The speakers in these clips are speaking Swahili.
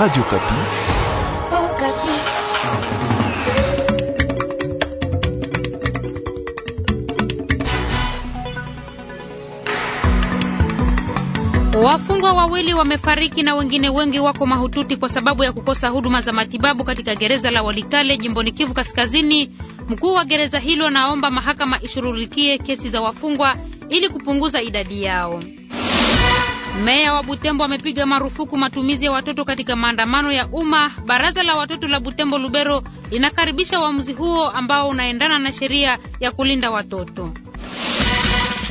Radio Okapi. Oh, wafungwa wawili wamefariki na wengine wengi wako mahututi kwa sababu ya kukosa huduma za matibabu katika gereza la Walikale jimboni Kivu Kaskazini. Mkuu wa gereza hilo anaomba mahakama ishughulikie kesi za wafungwa ili kupunguza idadi yao. Meya wa Butembo amepiga marufuku matumizi ya watoto katika maandamano ya umma. Baraza la watoto la Butembo Lubero linakaribisha uamuzi huo ambao unaendana na sheria ya kulinda watoto.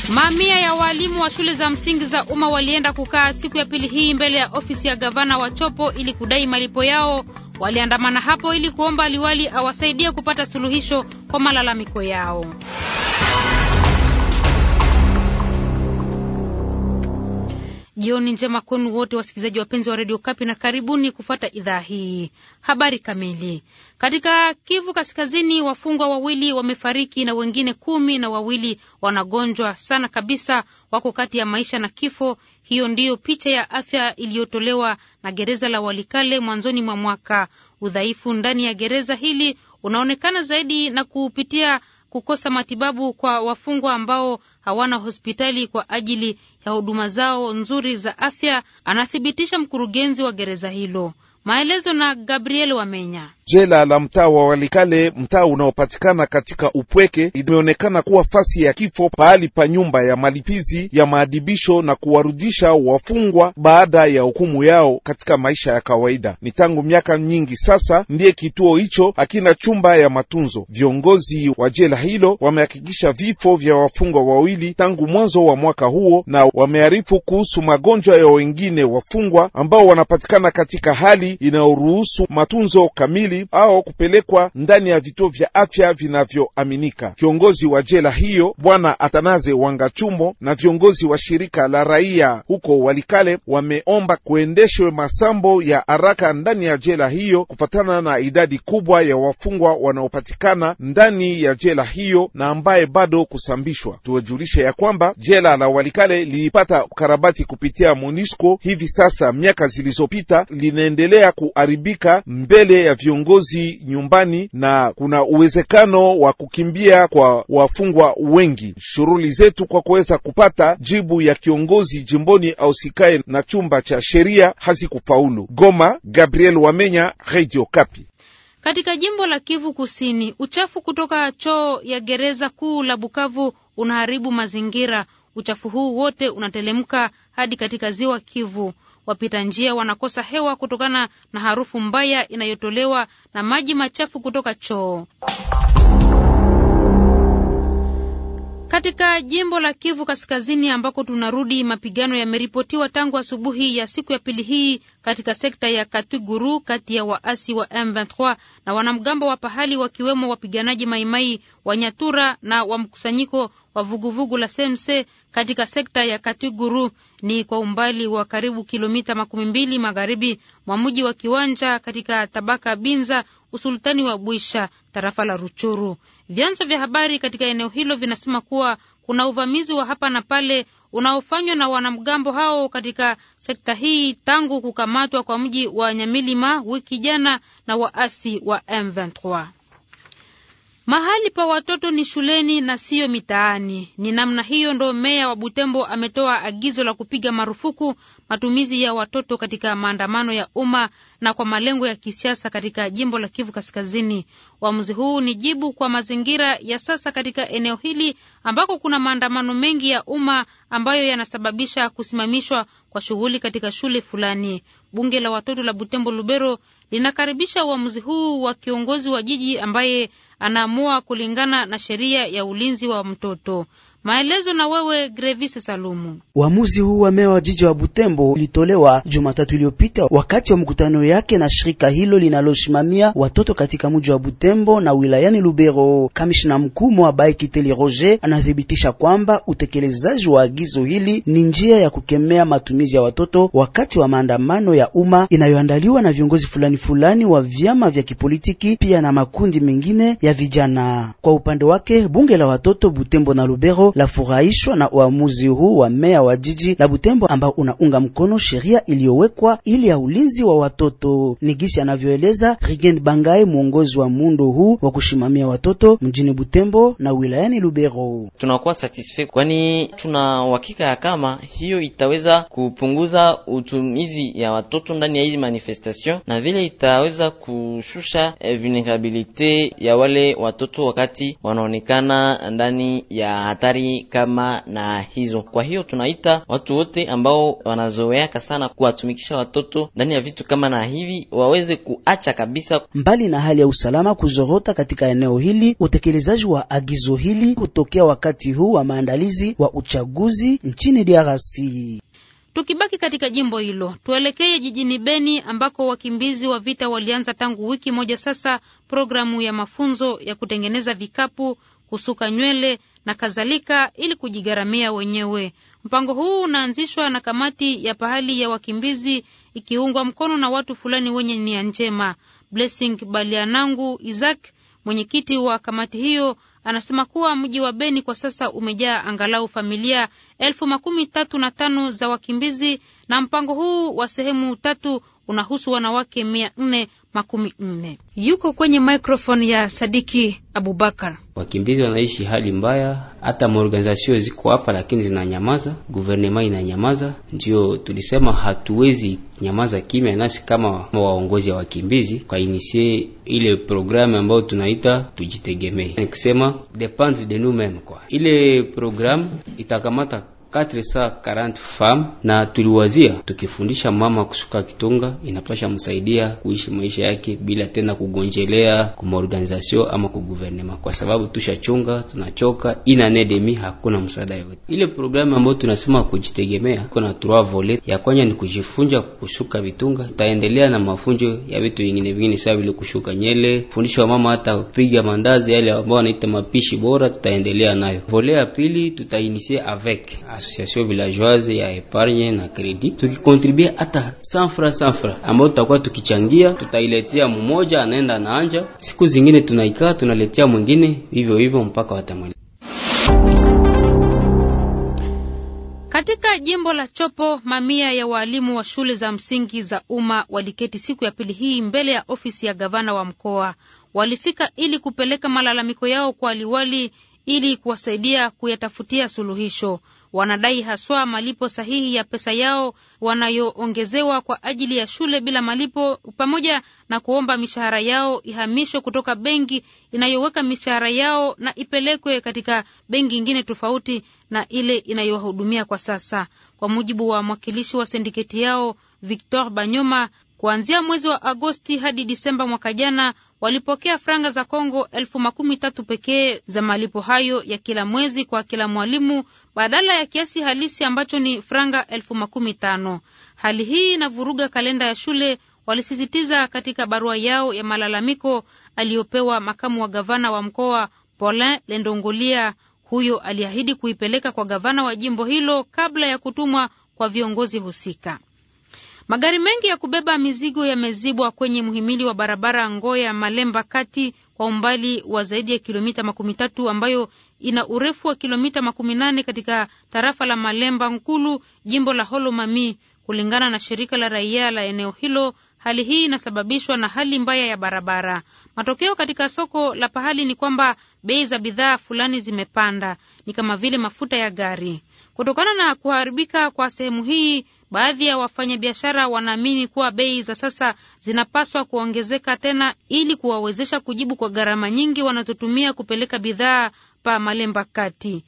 Mamia ya walimu wa shule za msingi za umma walienda kukaa siku ya pili hii mbele ya ofisi ya gavana wa Chopo ili kudai malipo yao. Waliandamana hapo ili kuomba liwali awasaidie kupata suluhisho kwa malalamiko yao. Jioni njema kwenu wote wasikilizaji wapenzi wa redio Kapi na karibuni kufata idhaa hii. Habari kamili. Katika Kivu Kaskazini, wafungwa wawili wamefariki na wengine kumi na wawili wanagonjwa sana kabisa, wako kati ya maisha na kifo. Hiyo ndiyo picha ya afya iliyotolewa na gereza la Walikale mwanzoni mwa mwaka. Udhaifu ndani ya gereza hili unaonekana zaidi na kupitia kukosa matibabu kwa wafungwa ambao hawana hospitali kwa ajili ya huduma zao nzuri za afya, anathibitisha mkurugenzi wa gereza hilo. Maelezo na Gabriel Wamenya. Jela la mtaa wa Walikale, mtaa unaopatikana katika Upweke, imeonekana kuwa fasi ya kifo, pahali pa nyumba ya malipizi ya maadibisho na kuwarudisha wafungwa baada ya hukumu yao katika maisha ya kawaida. Ni tangu miaka nyingi sasa ndiye kituo hicho hakina chumba ya matunzo. Viongozi wa jela hilo wamehakikisha vifo vya wafungwa wawili tangu mwanzo wa mwaka huo, na wamearifu kuhusu magonjwa ya wengine wafungwa ambao wanapatikana katika hali inayoruhusu matunzo kamili hospitali au kupelekwa ndani ya vituo vya afya vinavyoaminika. Kiongozi wa jela hiyo Bwana Atanaze wangachumo na viongozi wa shirika la raia huko Walikale wameomba kuendeshwe masambo ya haraka ndani ya jela hiyo kufatana na idadi kubwa ya wafungwa wanaopatikana ndani ya jela hiyo na ambaye bado kusambishwa. Tuwajulishe ya kwamba jela la Walikale lilipata ukarabati kupitia MONUSCO hivi sasa miaka zilizopita, linaendelea kuharibika mbele ya viongozi viongozi nyumbani na kuna uwezekano wa kukimbia kwa wafungwa wengi. Shughuli zetu kwa kuweza kupata jibu ya kiongozi jimboni ausikae na chumba cha sheria hazikufaulu. Goma, Gabriel Wamenya, Radio Kapi. Katika jimbo la Kivu Kusini, uchafu kutoka choo ya gereza kuu la Bukavu unaharibu mazingira. Uchafu huu wote unatelemka hadi katika ziwa Kivu. Wapita njia wanakosa hewa kutokana na harufu mbaya inayotolewa na maji machafu kutoka choo. Katika jimbo la Kivu Kaskazini ambako tunarudi, mapigano yameripotiwa tangu asubuhi ya siku ya pili hii katika sekta ya katiguru kati ya waasi wa M23 na wanamgambo wa pahali wakiwemo wapiganaji Maimai wa Nyatura na wa mkusanyiko wa vuguvugu la Semse katika sekta ya katiguru ni kwa umbali wa karibu kilomita makumi mbili magharibi mwa mji wa Kiwanja katika tabaka Binza, usultani wa Bwisha, tarafa la Ruchuru. Vyanzo vya habari katika eneo hilo vinasema kuwa kuna uvamizi wa hapa na pale unaofanywa na wanamgambo hao katika sekta hii tangu kukamatwa kwa mji wa Nyamilima wiki jana na waasi wa M23. Mahali pa watoto ni shuleni na siyo mitaani. Ni namna hiyo ndo meya wa Butembo ametoa agizo la kupiga marufuku matumizi ya watoto katika maandamano ya umma na kwa malengo ya kisiasa katika jimbo la Kivu Kaskazini. Uamuzi huu ni jibu kwa mazingira ya sasa katika eneo hili ambako kuna maandamano mengi ya umma ambayo yanasababisha kusimamishwa kwa shughuli katika shule fulani. Bunge la watoto la Butembo Lubero linakaribisha uamuzi huu wa kiongozi wa jiji ambaye anaamua kulingana na sheria ya ulinzi wa mtoto. Maelezo na wewe Grevis Salumu. Uamuzi huu wa meya wa jiji wa Butembo ulitolewa Jumatatu iliyopita wakati wa mkutano yake na shirika hilo linalosimamia watoto katika mji wa Butembo na wilayani Lubero. Kamishna mkuu Baiki Teli Roger anathibitisha kwamba utekelezaji wa agizo hili ni njia ya kukemea matumizi ya watoto wakati wa maandamano ya umma inayoandaliwa na viongozi fulani fulani wa vyama vya kipolitiki pia na makundi mengine ya vijana. Kwa upande wake bunge la watoto Butembo na Lubero la furahishwa na uamuzi huu wa meya wa jiji la Butembo ambao unaunga mkono sheria iliyowekwa ili ya ulinzi wa watoto. Ni gisi anavyoeleza Rigend Bangae, mwongozi wa muundo huu wa kushimamia watoto mjini Butembo na wilayani Lubero. Tunakuwa satisfait kwani tuna uhakika ya kama hiyo itaweza kupunguza utumizi ya watoto ndani ya hizi manifestation na vile itaweza kushusha eh, vulnerabilite ya wale watoto wakati wanaonekana ndani ya hatari habari kama na hizo. Kwa hiyo tunaita watu wote ambao wanazoeaka sana kuwatumikisha watoto ndani ya vitu kama na hivi waweze kuacha kabisa. Mbali na hali ya usalama kuzorota katika eneo hili, utekelezaji wa agizo hili hutokea wakati huu wa maandalizi wa uchaguzi nchini DRC. Tukibaki katika jimbo hilo, tuelekee jijini Beni ambako wakimbizi wa vita walianza tangu wiki moja sasa programu ya mafunzo ya kutengeneza vikapu kusuka nywele na kadhalika ili kujigharamia wenyewe. Mpango huu unaanzishwa na kamati ya pahali ya wakimbizi ikiungwa mkono na watu fulani wenye nia njema. Blessing Balianangu Isaac, mwenyekiti wa kamati hiyo, anasema kuwa mji wa Beni kwa sasa umejaa angalau familia elfu makumi tatu na tano za wakimbizi na mpango huu wa sehemu tatu unahusu wanawake mia nne makumi nne. Yuko kwenye microphone ya Sadiki Abubakar. Wakimbizi wanaishi hali mbaya, hata maorganizasio ziko hapa lakini zinanyamaza, guvernema inanyamaza. Ndio tulisema hatuwezi nyamaza kimya nasi kama waongozi ya wakimbizi kainisie ile programu ambayo tunaita tujitegemee, nikisema depend de nous meme kwa ile programu itakamata 440 fam na tuliwazia tukifundisha mama kusuka kitunga inapasha msaidia kuishi maisha yake bila tena kugonjelea kumaorganizasio ama kuguvernema, kwa sababu tushachunga, tunachoka. inanedemi hakuna msaada yote. Ile programu ambayo tunasema kujitegemea iko na trois volets, ya kwanza ni kujifunza kusuka vitunga, tutaendelea na mafunzo ya vitu vingine vingine sawa vile kushuka nyele, kufundisha mama hata kupiga mandazi yale ambayo wanaita mapishi bora, tutaendelea nayo. Volet ya pili tutainisie avec association villageoise ya epargne na credit, tukikontribue hata 100 francs ambayo tutakuwa tukichangia, tutailetea mmoja anaenda na anja, siku zingine tunaikaa tunaletea mwingine, hivyo hivyo mpaka watamaliza. Katika jimbo la Chopo mamia ya waalimu wa shule za msingi za umma waliketi siku ya pili hii mbele ya ofisi ya gavana wa mkoa. Walifika ili kupeleka malalamiko yao kwa liwali ili kuwasaidia kuyatafutia suluhisho. Wanadai haswa malipo sahihi ya pesa yao wanayoongezewa kwa ajili ya shule bila malipo, pamoja na kuomba mishahara yao ihamishwe kutoka benki inayoweka mishahara yao na ipelekwe katika benki ingine tofauti na ile inayowahudumia kwa sasa, kwa mujibu wa mwakilishi wa sindiketi yao Victor Banyoma. Kuanzia mwezi wa Agosti hadi Disemba mwaka jana walipokea franga za Kongo elfu makumi tatu pekee za malipo hayo ya kila mwezi kwa kila mwalimu badala ya kiasi halisi ambacho ni franga elfu makumi tano. Hali hii inavuruga kalenda ya shule, walisisitiza katika barua yao ya malalamiko aliyopewa makamu wa gavana wa mkoa Paulin Lendongolia. Huyo aliahidi kuipeleka kwa gavana wa jimbo hilo kabla ya kutumwa kwa viongozi husika. Magari mengi ya kubeba mizigo yamezibwa kwenye mhimili wa barabara Ngoya Malemba kati kwa umbali wa zaidi ya kilomita makumi tatu ambayo ina urefu wa kilomita makumi nane katika tarafa la Malemba Nkulu, jimbo la Holo Mami, kulingana na shirika la raia la eneo hilo. Hali hii inasababishwa na hali mbaya ya barabara. Matokeo katika soko la pahali ni kwamba bei za bidhaa fulani zimepanda, ni kama vile mafuta ya gari. Kutokana na kuharibika kwa sehemu hii, Baadhi ya wafanyabiashara wanaamini kuwa bei za sasa zinapaswa kuongezeka tena ili kuwawezesha kujibu kwa gharama nyingi wanazotumia kupeleka bidhaa pa Malemba Kati.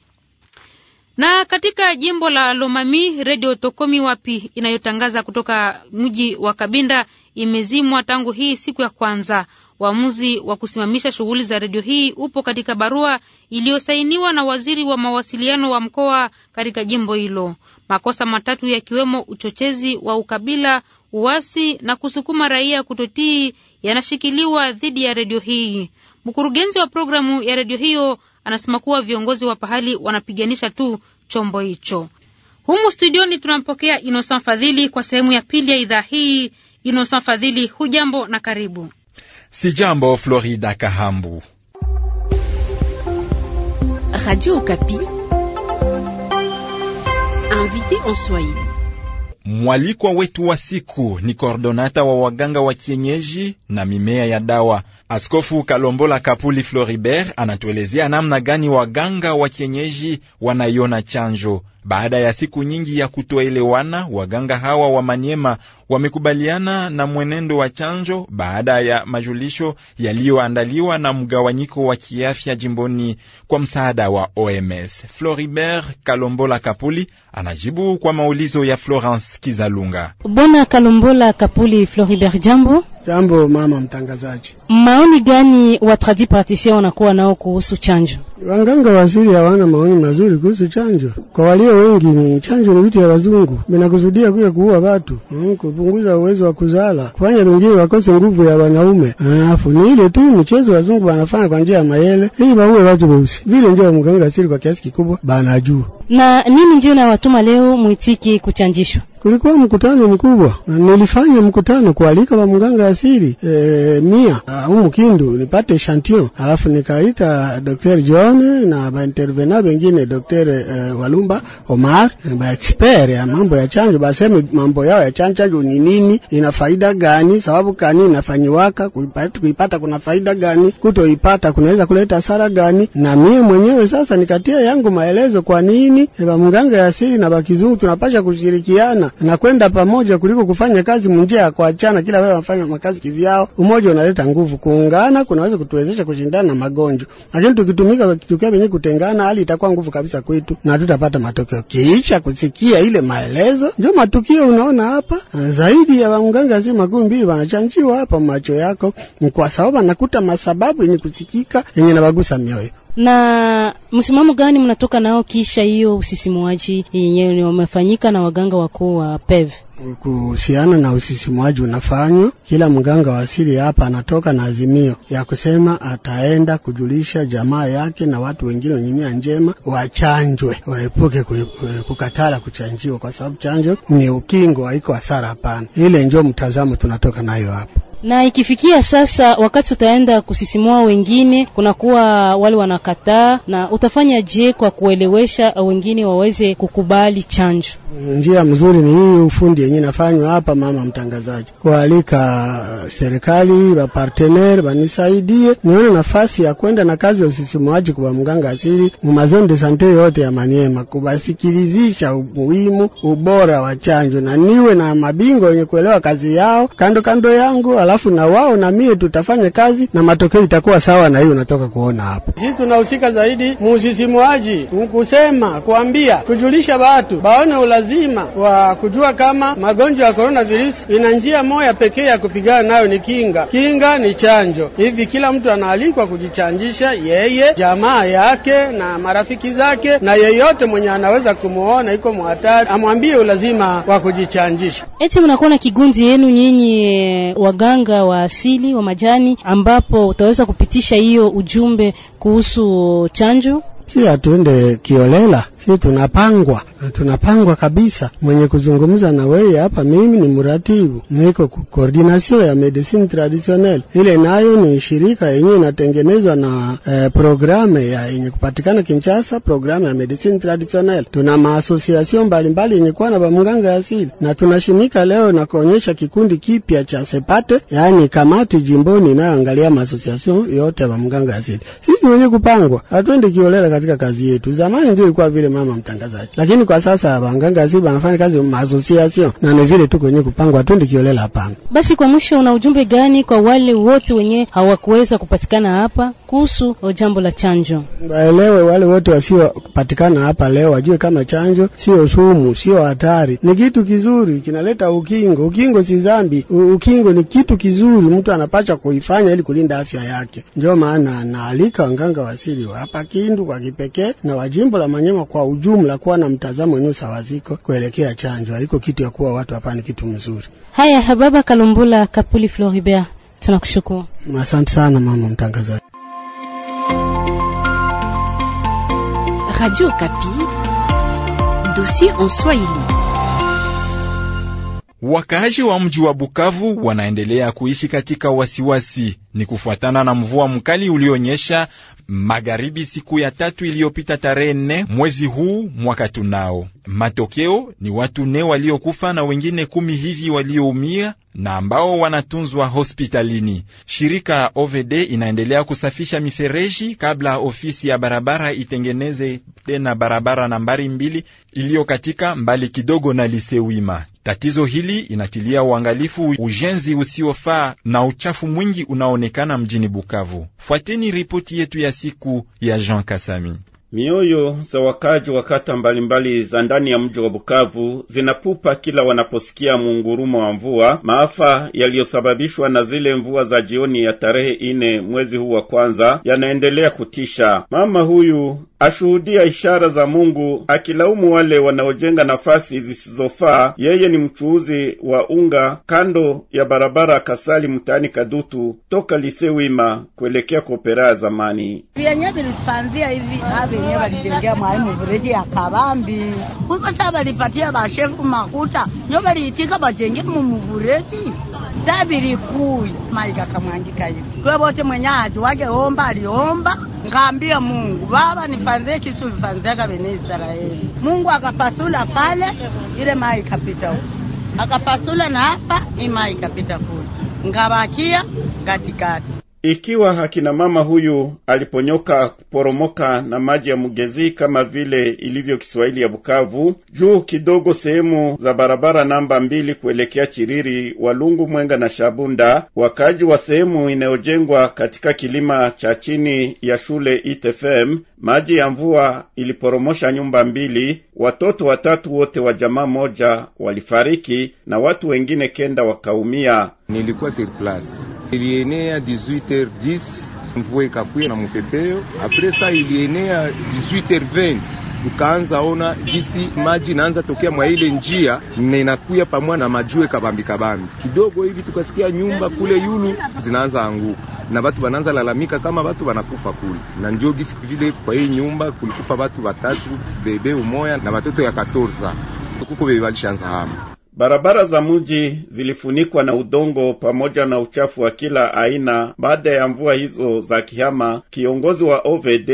Na katika jimbo la Lomami, redio Tokomi Wapi inayotangaza kutoka mji wa Kabinda imezimwa tangu hii siku ya kwanza. Uamuzi wa kusimamisha shughuli za redio hii upo katika barua iliyosainiwa na waziri wa mawasiliano wa mkoa katika jimbo hilo. Makosa matatu yakiwemo uchochezi wa ukabila, uasi na kusukuma raia kutotii yanashikiliwa dhidi ya redio hii. Mkurugenzi wa programu ya redio hiyo anasema kuwa viongozi wa pahali wanapiganisha tu chombo hicho. Humu studioni tunampokea Innocent Fadhili kwa sehemu ya pili ya idhaa hii. Innocent Fadhili, hujambo na karibu. Si jambo, Florida Kahambu, Mwalikwa wetu wa siku ni koordonata wa waganga wa kienyeji na mimea ya dawa Askofu Kalombola Kapuli Floribert anatuelezea namna gani waganga wa kienyeji wanaiona chanjo. Baada ya siku nyingi ya kutoelewana, waganga hawa wa manyema wamekubaliana na mwenendo wa chanjo baada ya majulisho yaliyoandaliwa na mgawanyiko wa kiafya jimboni kwa msaada wa OMS. Floribert Kalombola Kapuli anajibu kwa maulizo ya Florence Kizalunga. Bwana Kalombola Kapuli Floribert, jambo. Jambo mama mtangazaji, maoni gani watradi pratisien wanakuwa nao kuhusu chanjo? Wanganga waziri hawana maoni mazuri kuhusu chanjo. Kwa walio wengi ni chanjo ni vitu ya wazungu, vinakusudia kuya kuua watu, mm, kupunguza uwezo wa kuzala, kufanya wengine wakose nguvu ya wanaume. Alafu ni ile tu michezo wazungu wanafanya kwa njia ya mayele ili waue watu weusi, vile ndio mganga asiri kwa kiasi kikubwa banajua. Na nini ndio nawatuma leo mwitiki kuchanjishwa Ulikuwa mkutano mkubwa, nilifanya mkutano kualika wa mganga asili e, mia humu Kindu, nipate echantillon, alafu nikaita Dr. John na baintervena bengine Dr. e, Walumba Omar e, ba expert ya mambo ya chanjo, baseme mambo yao ya chanjo, chanjo ni nini, ina faida gani, sababu kani inafanyiwaka, kuipata, kuipata kuna faida gani, kutoipata kunaweza kuleta hasara gani, na mie mwenyewe sasa nikatia yangu maelezo kwa nini e, ba mganga asili na bakizungu tunapasha kushirikiana na kwenda pamoja kuliko kufanya kazi munjia ya kuachana, kila wewe wafanya makazi kivyao. Umoja unaleta nguvu, kuungana kunaweza kutuwezesha kushindana na magonjwa, lakini tukitumika tukiwa wenyewe kutengana, hali itakuwa nguvu kabisa kwetu na tutapata matokeo. Kiisha kusikia ile maelezo, ndio matukio unaona hapa, zaidi ya waunganga zima kumi mbili wanachanjiwa hapa macho yako, kwa sababu anakuta masababu yenye kusikika yenye nabagusa mioyo na msimamo gani mnatoka nao kisha hiyo usisimuaji yenyewe umefanyika na waganga wakuu wa PEV? Kuhusiana na usisimuaji unafanywa, kila mganga wa asili hapa anatoka na azimio ya kusema ataenda kujulisha jamaa yake na watu wengine wenye nia njema wachanjwe, waepuke kukatala kuchanjiwa, kwa sababu chanjo ni ukingo, haiko hasara. Hapana, ile njoo mtazamo tunatoka nayo hapa na ikifikia sasa wakati utaenda kusisimua wengine, kunakuwa wale wanakataa, na utafanya je kwa kuelewesha wengine waweze kukubali chanjo? Njia mzuri ni hii ufundi yenye nafanywa hapa, mama mtangazaji, kualika uh, serikali partenaire banisaidie nione nafasi ya kwenda na kazi ya usisimuaji kwa mganga asili mumazone de sante yote ya Maniema, kubasikilizisha umuhimu ubora wa chanjo, na niwe na mabingwa wenye kuelewa kazi yao kando kando yangu alafu na wao na mie tutafanya kazi na matokeo itakuwa sawa na hiyo unatoka kuona hapo. Sisi tunahusika zaidi muusisimuaji mkusema, kuambia, kujulisha watu baone ulazima wa kujua kama magonjwa ya korona virusi ina njia moja pekee ya kupigana nayo ni kinga. Kinga ni chanjo. Hivi kila mtu anaalikwa kujichanjisha, yeye, jamaa yake na marafiki zake, na yeyote mwenye anaweza kumuona iko muhatari amwambie ulazima wa kujichanjisha. Eti mnakuwa na kigunzi yenu nyinyi eh, waga mganga wa asili wa majani, ambapo utaweza kupitisha hiyo ujumbe kuhusu chanjo? Si atuende kiolela sisi tunapangwa na tunapangwa kabisa. Mwenye kuzungumza na wewe hapa, mimi ni mratibu, niko koordination ya medicine traditionnel, ile nayo ni shirika yenye inatengenezwa na eh, programu ya yenye kupatikana Kinshasa, programu ya medicine traditionnel. Tuna maasosiation mbalimbali yenye kuwa na bamganga asili, na tunashimika leo na kuonyesha kikundi kipya cha Sepate, yaani kamati jimboni inayoangalia maasosiation yote ya bamganga asili. Sisi wenye kupangwa, hatuendi kiolela katika kazi yetu. Zamani ndio ilikuwa vile mama mtangazaji, lakini kwa sasa wanganga si wanafanya kazi maasosiasio na ni vile tu kwenye kupangwa tu ndikiolela hapana. Basi kwa mwisho, una ujumbe gani kwa wale wote wenye hawakuweza kupatikana hapa? kuhusu uh, jambo la chanjo. Waelewe wale wote wasiopatikana hapa leo wajue kama chanjo sio sumu, sio hatari, ni kitu kizuri, kinaleta ukingo. Ukingo si dhambi, ukingo ni kitu kizuri, mtu anapacha kuifanya ili kulinda afya yake. Ndio maana naalika wanganga wasili hapa Kindu kwa kipekee na wajimbo la Manyema kwa ujumla kuwa na mtazamo enosawaziko kuelekea chanjo. Haiko kitu ya kuwa watu hapa, ni kitu mzuri. Haya, Hababa Kalumbula Kapuli Floribert, tunakushukuru. Asante sana mama mtangazaji. Radio Kapi, dossier en Swahili. Wakaaji wa mji wa Bukavu wanaendelea kuishi katika wasiwasi ni kufuatana na mvua mkali ulionyesha magharibi siku ya tatu iliyopita tarehe nne mwezi huu mwaka tunao. Matokeo ni watu ne waliokufa na wengine kumi hivi walioumia na ambao wanatunzwa hospitalini. Shirika OVD inaendelea kusafisha mifereji kabla ofisi ya barabara itengeneze tena barabara nambari mbili iliyo katika mbali kidogo na Lisewima. Tatizo hili inatilia uangalifu ujenzi usiofaa na uchafu mwingi unaone kuonekana mjini Bukavu. Fuateni ripoti yetu ya siku ya Jean Kasami. Mioyo za wakaji wa kata mbalimbali za ndani ya mji wa Bukavu zinapupa kila wanaposikia mungurumo wa mvua. Maafa yaliyosababishwa na zile mvua za jioni ya tarehe ine mwezi huu wa kwanza yanaendelea kutisha. Mama huyu ashuhudia ishara za Mungu akilaumu wale wanaojenga nafasi zisizofaa. Yeye ni mchuuzi wa unga kando ya barabara Kasali mtaani Kadutu, toka Lisewima kuelekea Kopera ya zamani hivi yenyewe walijengea mwalimu mfereji ya kabambi kukosa walipatia bashefu makuta nyo waliitika bajenge mumufereji sabilikuu maika kamwandika hivi kwe wote mwenye hati wake omba aliomba ngambia Mungu Baba, nifanzie kisu vifanzeka vene Israeli. Mungu akapasula pale, ile mai ikapita huko, akapasula na hapa, ni mai ikapita kule, ngabakia katikati. Ikiwa hakina mama huyu aliponyoka kuporomoka na maji ya mugezi kama vile ilivyo Kiswahili ya Bukavu, juu kidogo sehemu za barabara namba mbili kuelekea Chiriri, Walungu, Mwenga na Shabunda, wakaji wa sehemu inayojengwa katika kilima cha chini ya shule ITFM, maji ya mvua iliporomosha nyumba mbili, watoto watatu wote wa jamaa moja walifariki na watu wengine kenda wakaumia. Nilikuwa sur place, ilienea 18h10 mvua ikakuya na mpepeo. Apres sa ilienea 18h20 tukaanza ona gisi maji naanza tokea mwa ile njia na inakuya pamoja na majue kabambi kabambi kidogo hivi, tukasikia nyumba kule yulu zinaanza anguka na watu wanaanza lalamika kama watu wanakufa kule, na ndio gisi vile. Kwa hii nyumba kulikufa watu watatu, bebe umoya na watoto ya katorza, kuko bebe walishaanza hama Barabara za mji zilifunikwa na udongo pamoja na uchafu wa kila aina baada ya mvua hizo za kihama. Kiongozi wa OVD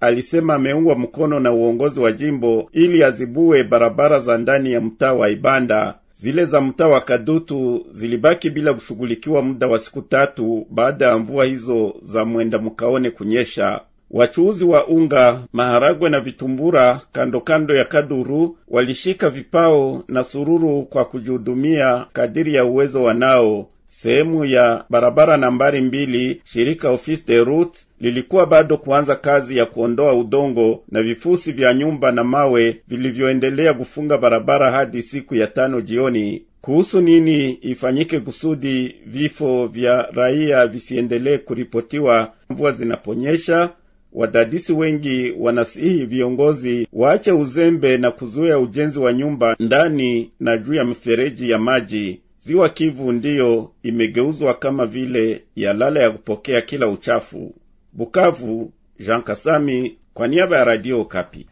alisema ameungwa mkono na uongozi wa jimbo ili azibue barabara za ndani ya mtaa wa Ibanda. Zile za mtaa wa Kadutu zilibaki bila kushughulikiwa muda wa siku tatu baada ya mvua hizo za mwenda mkaone kunyesha. Wachuuzi wa unga, maharagwe na vitumbura kando kando ya Kaduru walishika vipao na sururu kwa kujihudumia kadiri ya uwezo wanao. Sehemu ya barabara nambari mbili, shirika Office de Route lilikuwa bado kuanza kazi ya kuondoa udongo na vifusi vya nyumba na mawe vilivyoendelea kufunga barabara hadi siku ya tano jioni. Kuhusu nini ifanyike kusudi vifo vya raia visiendelee kuripotiwa mvua zinaponyesha, Wadadisi wengi wanasihi viongozi waache uzembe na kuzuia ujenzi wa nyumba ndani na juu ya mifereji ya maji. Ziwa Kivu ndiyo imegeuzwa kama vile ya lala ya kupokea kila uchafu. Bukavu, Jean Kasami kwa niaba ya Radio Kapi.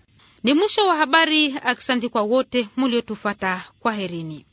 Ni mwisho wa habari. Aksanti kwa wote muliotufata. Kwaherini.